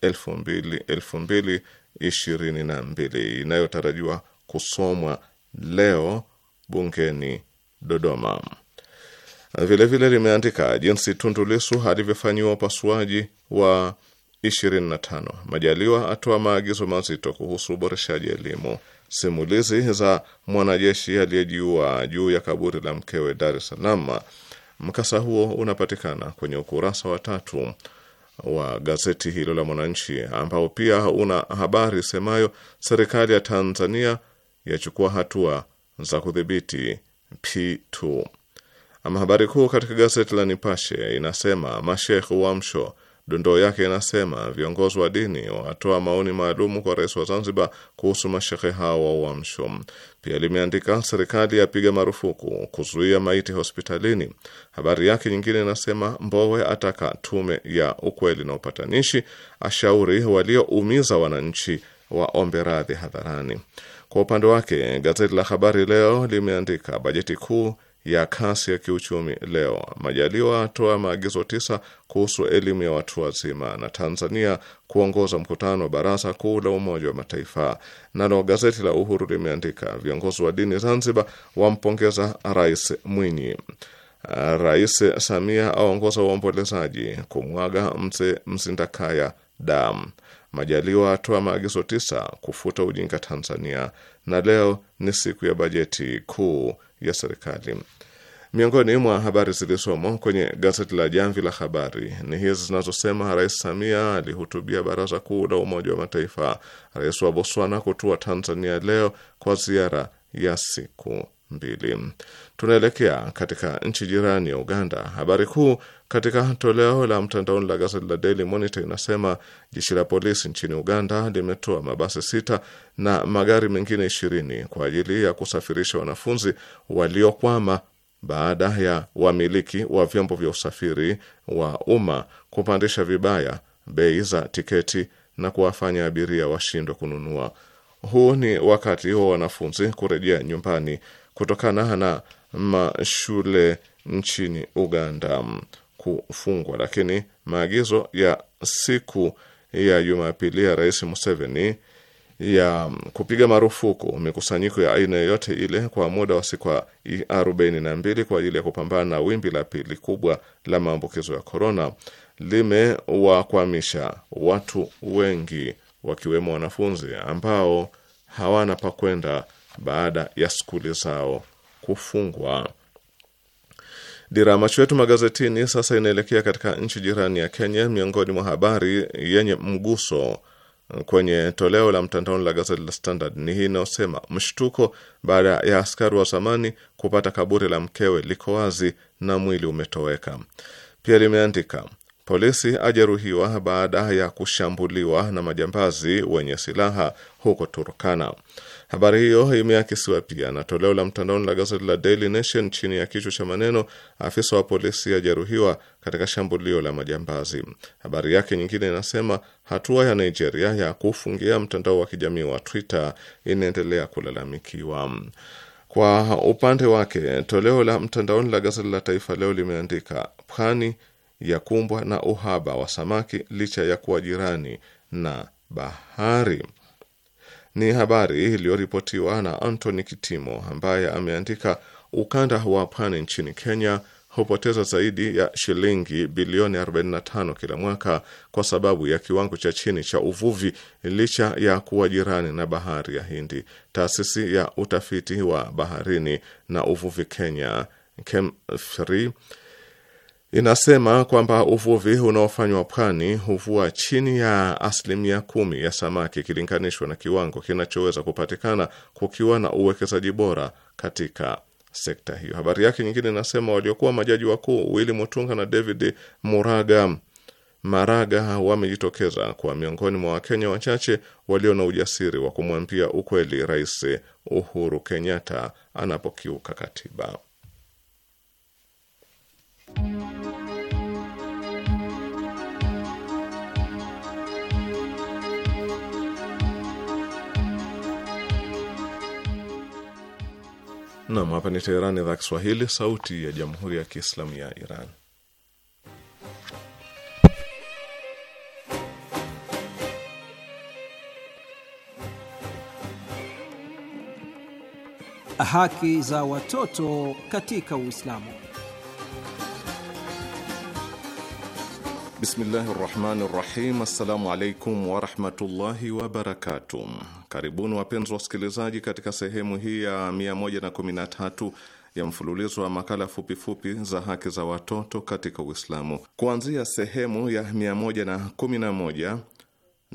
2022 inayotarajiwa kusomwa leo bungeni Dodoma. Vilevile limeandika jinsi Tundu Lissu alivyofanyiwa upasuaji wa 25, Majaliwa atoa maagizo mazito kuhusu uboreshaji elimu, simulizi za mwanajeshi aliyejiua juu ya kaburi la mkewe Dar es Salaam. Mkasa huo unapatikana kwenye ukurasa wa tatu wa gazeti hilo la Mwananchi, ambao pia una habari semayo serikali ya Tanzania yachukua hatua za kudhibiti P2. Ama habari kuu katika gazeti la Nipashe inasema mashekh wamsho. Dondoo yake inasema viongozi wa dini watoa maoni maalumu kwa rais wa Zanzibar kuhusu mashehe hao wa uamsho. Pia limeandika serikali yapiga marufuku kuzuia maiti hospitalini. Habari yake nyingine inasema Mbowe ataka tume ya ukweli na upatanishi, ashauri walioumiza wananchi waombe radhi hadharani. Kwa upande wake gazeti la Habari Leo limeandika bajeti kuu ya kasi ya kiuchumi leo, Majaliwa atoa maagizo tisa kuhusu elimu ya watu wazima, na Tanzania kuongoza mkutano wa baraza kuu la Umoja wa Mataifa. Nalo gazeti la Uhuru limeandika viongozi wa dini Zanzibar wampongeza Rais Mwinyi. Rais Samia aongoza uombolezaji kumwaga mzee Mzindakaya damu Majaliwa atoa maagizo tisa kufuta ujinga Tanzania, na leo ni siku ya bajeti kuu ya serikali. Miongoni mwa habari zilizomo kwenye gazeti la Jamvi la Habari ni hizi zinazosema: Rais Samia alihutubia Baraza Kuu la Umoja wa Mataifa. Rais wa Botswana kutua Tanzania leo kwa ziara ya siku mbili. Tunaelekea katika nchi jirani ya Uganda. Habari kuu katika toleo la mtandaoni la gazeti la Daily Monitor inasema jeshi la polisi nchini Uganda limetoa mabasi sita na magari mengine ishirini kwa ajili ya kusafirisha wanafunzi waliokwama baada ya wamiliki wa vyombo vya usafiri wa umma kupandisha vibaya bei za tiketi na kuwafanya abiria washindwe kununua. Huu ni wakati wa wanafunzi kurejea nyumbani kutokana na mashule nchini Uganda kufungwa, lakini maagizo ya siku ya Jumapili ya Rais Museveni ya kupiga marufuku mikusanyiko ya aina yoyote ile kwa muda wa siku arobaini na mbili kwa ajili ya kupambana na wimbi la pili kubwa la maambukizo ya korona limewakwamisha watu wengi wakiwemo wanafunzi ambao hawana pa kwenda baada ya skuli zao kufungwa. Dira macho yetu magazetini sasa inaelekea katika nchi jirani ya Kenya. Miongoni mwa habari yenye mguso kwenye toleo la mtandaoni la gazeti la Standard ni hii inayosema mshtuko baada ya askari wa zamani kupata kaburi la mkewe liko wazi na mwili umetoweka. Pia limeandika polisi ajeruhiwa baada ya kushambuliwa na majambazi wenye silaha huko Turkana. Habari hiyo imeakisiwa pia na toleo la mtandaoni la gazeti la Daily Nation chini ya kichwa cha maneno afisa wa polisi ajeruhiwa katika shambulio la majambazi. Habari yake nyingine inasema hatua ya Nigeria ya kufungia mtandao wa kijamii wa Twitter inaendelea kulalamikiwa. Kwa upande wake, toleo la mtandaoni la gazeti la Taifa Leo limeandika pwani ya kumbwa na uhaba wa samaki licha ya kuwa jirani na bahari. Ni habari iliyoripotiwa na Anthony Kitimo ambaye ameandika ukanda wa pwani nchini Kenya hupoteza zaidi ya shilingi bilioni 45 kila mwaka kwa sababu ya kiwango cha chini cha uvuvi licha ya kuwa jirani na bahari ya Hindi. Taasisi ya utafiti wa baharini na uvuvi Kenya KEMFRI inasema kwamba uvuvi unaofanywa pwani huvua chini ya asilimia kumi ya samaki ikilinganishwa na kiwango kinachoweza kupatikana kukiwa na uwekezaji bora katika sekta hiyo. Habari yake nyingine inasema waliokuwa majaji wakuu Willy Mutunga na David Muraga Maraga wamejitokeza kwa miongoni mwa Wakenya wachache walio na ujasiri wa kumwambia ukweli Rais Uhuru Kenyatta anapokiuka katiba. Nam, hapa ni Teheran, idhaa Kiswahili, sauti ya jamhuri ya kiislamu ya Iran. Haki za watoto katika Uislamu. Bismillahi rahmani rahim. Assalamu alaikum warahmatullahi wabarakatuh. Karibuni wapenzi wasikilizaji, katika sehemu hii ya 113 ya mfululizo wa makala fupifupi fupi za haki za watoto katika Uislamu. Kuanzia sehemu ya 111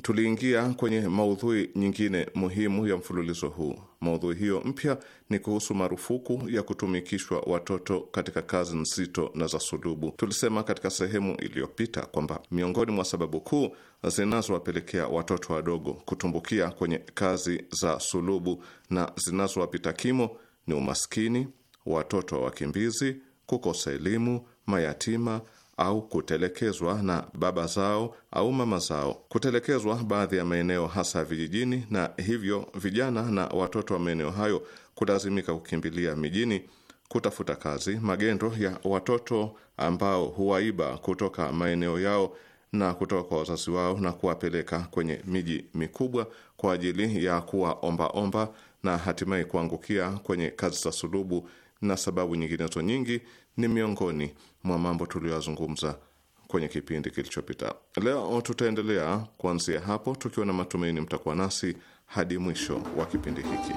tuliingia kwenye maudhui nyingine muhimu ya mfululizo huu. Maudhui hiyo mpya ni kuhusu marufuku ya kutumikishwa watoto katika kazi nzito na za sulubu. Tulisema katika sehemu iliyopita kwamba miongoni mwa sababu kuu zinazowapelekea watoto wadogo kutumbukia kwenye kazi za sulubu na zinazowapita kimo ni umaskini, watoto wa wakimbizi, kukosa elimu, mayatima au kutelekezwa na baba zao au mama zao. Kutelekezwa baadhi ya maeneo hasa vijijini, na hivyo vijana na watoto wa maeneo hayo kulazimika kukimbilia mijini kutafuta kazi, magendo ya watoto ambao huwaiba kutoka maeneo yao na kutoka kwa wazazi wao na kuwapeleka kwenye miji mikubwa kwa ajili ya kuwa ombaomba omba na hatimaye kuangukia kwenye kazi za sulubu na sababu nyinginezo nyingi ni miongoni mwa mambo tuliyozungumza kwenye kipindi kilichopita. Leo tutaendelea kuanzia hapo, tukiwa na matumaini mtakuwa nasi hadi mwisho wa kipindi hiki.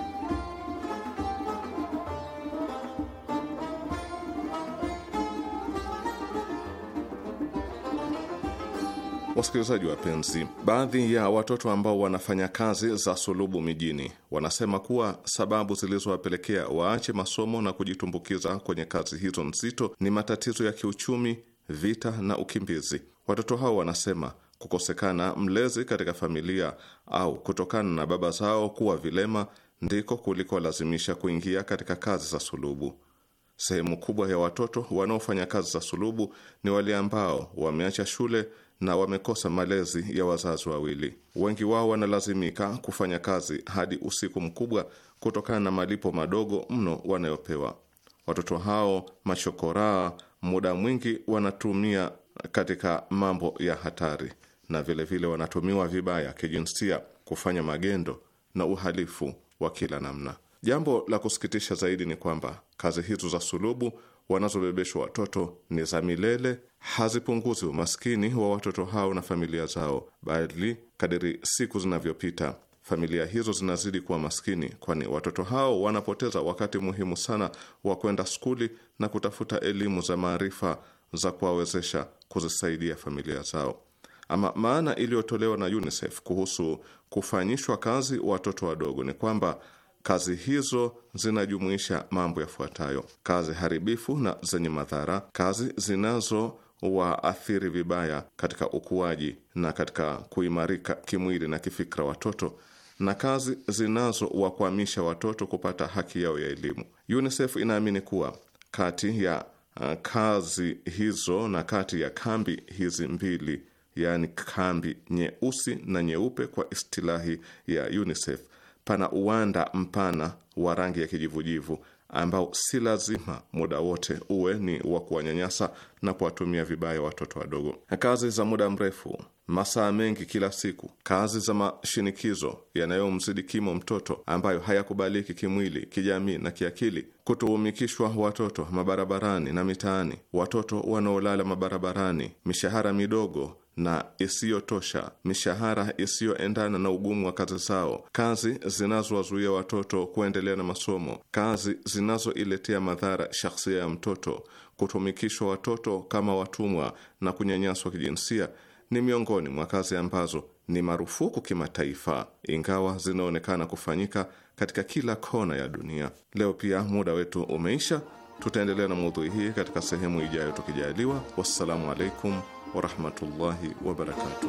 Wasikilizaji wapenzi, baadhi ya watoto ambao wanafanya kazi za sulubu mijini wanasema kuwa sababu zilizowapelekea waache masomo na kujitumbukiza kwenye kazi hizo nzito ni matatizo ya kiuchumi, vita na ukimbizi. Watoto hao wanasema kukosekana mlezi katika familia au kutokana na baba zao kuwa vilema ndiko kulikolazimisha kuingia katika kazi za sulubu. Sehemu kubwa ya watoto wanaofanya kazi za sulubu ni wale ambao wameacha shule na wamekosa malezi ya wazazi wawili. Wengi wao wanalazimika kufanya kazi hadi usiku mkubwa kutokana na malipo madogo mno wanayopewa. Watoto hao mashokoraa muda mwingi wanatumia katika mambo ya hatari, na vilevile vile wanatumiwa vibaya kijinsia, kufanya magendo na uhalifu wa kila namna. Jambo la kusikitisha zaidi ni kwamba kazi hizo za sulubu wanazobebeshwa watoto ni za milele, hazipunguzi umaskini wa watoto hao na familia zao, bali kadiri siku zinavyopita familia hizo zinazidi kuwa maskini, kwani watoto hao wanapoteza wakati muhimu sana wa kwenda skuli na kutafuta elimu za maarifa za kuwawezesha kuzisaidia familia zao. Ama maana iliyotolewa na UNICEF kuhusu kufanyishwa kazi watoto wadogo ni kwamba Kazi hizo zinajumuisha mambo yafuatayo: kazi haribifu na zenye madhara, kazi zinazowaathiri vibaya katika ukuaji na katika kuimarika kimwili na kifikra watoto na kazi zinazowakwamisha watoto kupata haki yao ya elimu. UNICEF inaamini kuwa kati ya uh, kazi hizo na kati ya kambi hizi mbili, yaani kambi nyeusi na nyeupe kwa istilahi ya UNICEF pana uwanda mpana wa rangi ya kijivujivu ambao si lazima muda wote uwe ni wa kuwanyanyasa na kuwatumia vibaya watoto wadogo. Kazi za muda mrefu, masaa mengi kila siku, kazi za mashinikizo yanayomzidi kimo mtoto, ambayo hayakubaliki kimwili, kijamii na kiakili, kutuhumikishwa watoto mabarabarani na mitaani, watoto wanaolala mabarabarani, mishahara midogo na isiyotosha, mishahara isiyoendana na ugumu wa kazi zao, kazi zinazowazuia watoto kuendelea na masomo, kazi zinazoiletea madhara shakhsia ya mtoto, kutumikishwa watoto kama watumwa na kunyanyaswa kijinsia ni miongoni mwa kazi ambazo ni marufuku kimataifa, ingawa zinaonekana kufanyika katika kila kona ya dunia. Leo pia muda wetu umeisha. Tutaendelea na maudhui hii katika sehemu ijayo tukijaliwa. Wassalamu alaikum ورحمة الله وبركاته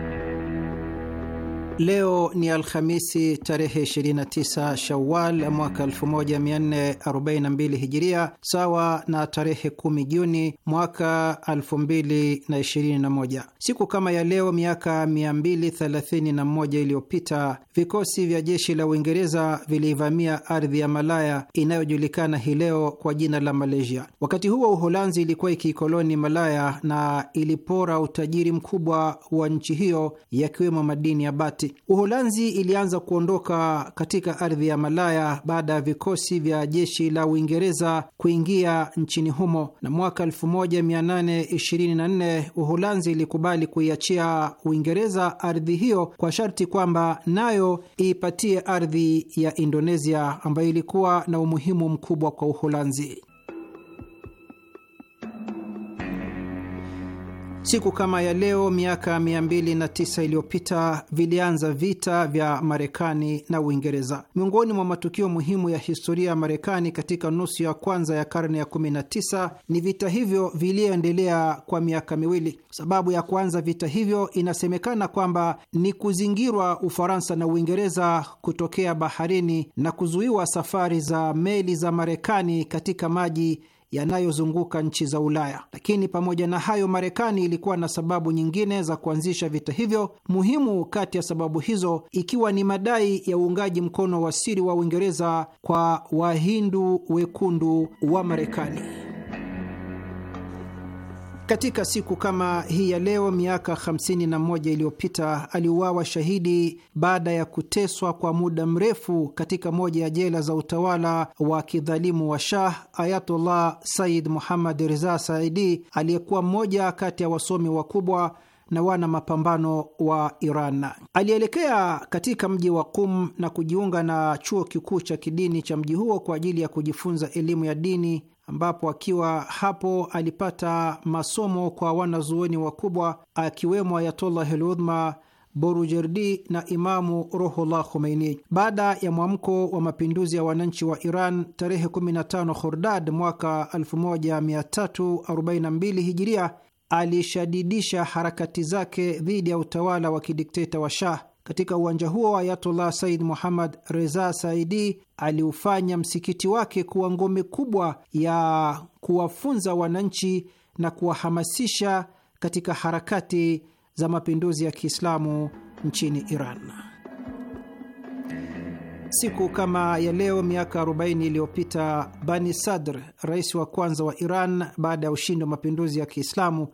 Leo ni Alhamisi tarehe 29 Shawal mwaka 1442 Hijiria, sawa na tarehe 10 Juni mwaka 2021. Siku kama ya leo miaka 231 iliyopita vikosi vya jeshi la Uingereza vilivamia ardhi ya Malaya inayojulikana hii leo kwa jina la Malaysia. Wakati huo Uholanzi ilikuwa ikiikoloni Malaya na ilipora utajiri mkubwa wa nchi hiyo, yakiwemo madini ya bati. Uholanzi. ilianza kuondoka katika ardhi ya Malaya baada ya vikosi vya jeshi la Uingereza kuingia nchini humo, na mwaka 1824 Uholanzi ilikubali kuiachia Uingereza ardhi hiyo kwa sharti kwamba nayo iipatie ardhi ya Indonesia ambayo ilikuwa na umuhimu mkubwa kwa Uholanzi. Siku kama ya leo miaka 209 iliyopita vilianza vita vya Marekani na Uingereza. Miongoni mwa matukio muhimu ya historia ya Marekani katika nusu ya kwanza ya karne ya 19 ni vita hivyo viliyoendelea kwa miaka miwili. Sababu ya kuanza vita hivyo inasemekana kwamba ni kuzingirwa Ufaransa na Uingereza kutokea baharini na kuzuiwa safari za meli za Marekani katika maji yanayozunguka nchi za Ulaya. Lakini pamoja na hayo, Marekani ilikuwa na sababu nyingine za kuanzisha vita hivyo, muhimu kati ya sababu hizo ikiwa ni madai ya uungaji mkono wa siri wa Uingereza kwa Wahindu wekundu wa Marekani. Katika siku kama hii ya leo miaka 51 iliyopita aliuawa shahidi baada ya kuteswa kwa muda mrefu katika moja ya jela za utawala wa kidhalimu wa Shah, Ayatullah Said Muhammad Reza Saidi, aliyekuwa mmoja kati ya wasomi wakubwa na wana mapambano wa Iran. Alielekea katika mji wa Qum na kujiunga na chuo kikuu cha kidini cha mji huo kwa ajili ya kujifunza elimu ya dini ambapo akiwa hapo alipata masomo kwa wanazuoni wakubwa akiwemo Ayatollah Ludhma Borujerdi na Imamu Ruhullah Khomeini. Baada ya mwamko wa mapinduzi ya wananchi wa Iran tarehe 15 Khordad mwaka 1342 Hijiria, alishadidisha harakati zake dhidi ya utawala wa kidikteta wa Shah katika uwanja huo Ayatullah Said Muhammad Reza Saidi aliufanya msikiti wake kuwa ngome kubwa ya kuwafunza wananchi na kuwahamasisha katika harakati za mapinduzi ya Kiislamu nchini Iran. Siku kama ya leo miaka 40 iliyopita, Bani Sadr, rais wa kwanza wa Iran baada ya ushindi wa mapinduzi ya Kiislamu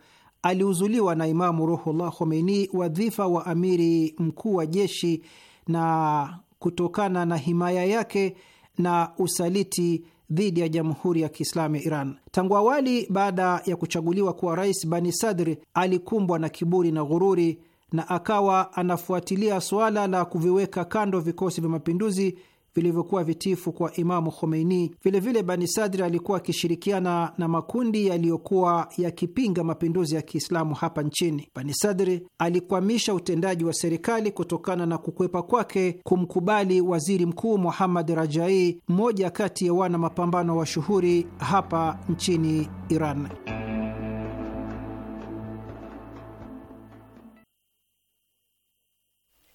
aliuzuliwa na Imamu Ruhullah Khomeini wadhifa wa amiri mkuu wa jeshi na kutokana na himaya yake na usaliti dhidi ya Jamhuri ya Kiislamu ya Iran. Tangu awali, baada ya kuchaguliwa kuwa rais, Bani Sadri alikumbwa na kiburi na ghururi na akawa anafuatilia suala la kuviweka kando vikosi vya mapinduzi vilivyokuwa vitifu kwa Imamu Khomeini. Vilevile, Bani Sadri alikuwa akishirikiana na makundi yaliyokuwa yakipinga mapinduzi ya Kiislamu hapa nchini. Bani Sadri alikwamisha utendaji wa serikali kutokana na kukwepa kwake kumkubali waziri mkuu Muhammad Rajai, mmoja kati ya wana mapambano wa shuhuri hapa nchini Iran.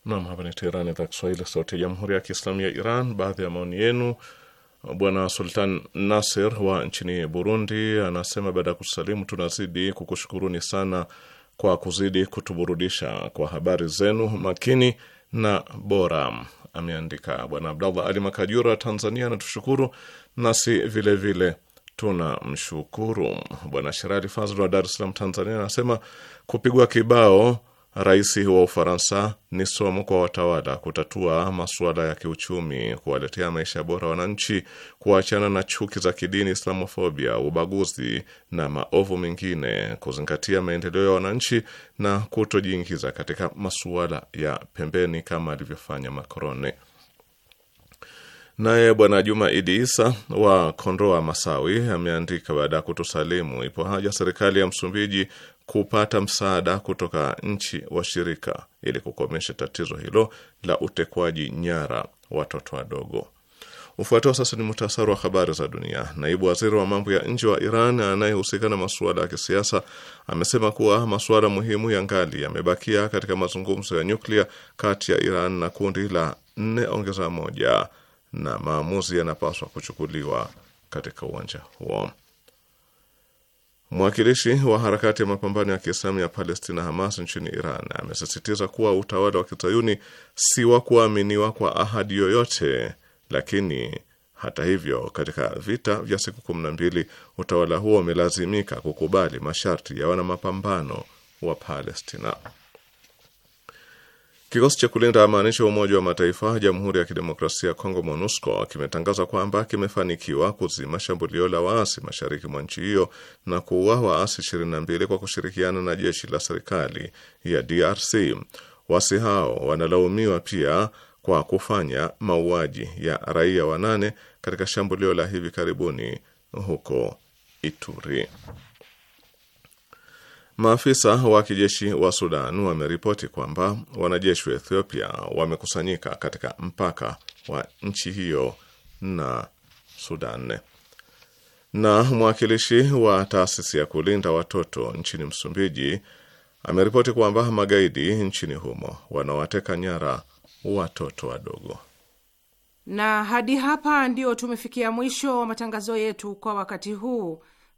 Nam, hapa ni Teheran, idhaa Kiswahili, sauti ya jamhuri ya kiislamu ya Iran. Baadhi ya maoni yenu. Bwana Sultan Nasir wa nchini Burundi anasema baada ya kusalimu, tunazidi kukushukuruni sana kwa kuzidi kutuburudisha kwa habari zenu makini na bora. Ameandika Bwana Abdallah Ali Makajura, Tanzania, anatushukuru nasi vilevile tuna mshukuru Bwana Sherali Fazl wa Dar es Salaam, Tanzania, anasema kupigwa kibao rais wa Ufaransa ni somo kwa watawala kutatua masuala ya kiuchumi, kuwaletea maisha bora wananchi, kuachana na chuki za kidini, islamofobia, ubaguzi na maovu mengine, kuzingatia maendeleo ya wananchi na kutojiingiza katika masuala ya pembeni kama alivyofanya Macron. Naye Bwana Juma Idi Isa wa Kondoa Masawi ameandika baada ya kutusalimu, ipo haja serikali ya Msumbiji kupata msaada kutoka nchi washirika ili kukomesha tatizo hilo la utekwaji nyara watoto wadogo. Ufuatao sasa ni muhtasari wa habari za dunia. Naibu waziri wa mambo ya nje wa Iran anayehusika na masuala ya kisiasa amesema kuwa masuala muhimu ya ngali yamebakia katika mazungumzo ya nyuklia kati ya Iran na kundi la nne ongeza moja na maamuzi yanapaswa kuchukuliwa katika uwanja huo. Mwakilishi wa harakati ya mapambano ya Kiislamu ya Palestina, Hamas, nchini Iran amesisitiza kuwa utawala wa kizayuni si wa kuaminiwa kwa ahadi yoyote, lakini hata hivyo, katika vita vya siku kumi na mbili utawala huo umelazimika kukubali masharti ya wanamapambano wa Palestina. Kikosi cha kulinda amani cha Umoja wa Mataifa Jamhuri ya Kidemokrasia ya Kongo, MONUSCO, kimetangaza kwamba kimefanikiwa kuzima shambulio la waasi mashariki mwa nchi hiyo na kuua waasi 22 kwa kushirikiana na jeshi la serikali ya DRC. Waasi hao wanalaumiwa pia kwa kufanya mauaji ya raia wanane katika shambulio la hivi karibuni huko Ituri. Maafisa wa kijeshi wa Sudan wameripoti kwamba wanajeshi wa Ethiopia wamekusanyika katika mpaka wa nchi hiyo na Sudan. Na mwakilishi wa taasisi ya kulinda watoto nchini Msumbiji ameripoti kwamba magaidi nchini humo wanawateka nyara watoto wadogo. Na hadi hapa ndio tumefikia mwisho wa matangazo yetu kwa wakati huu.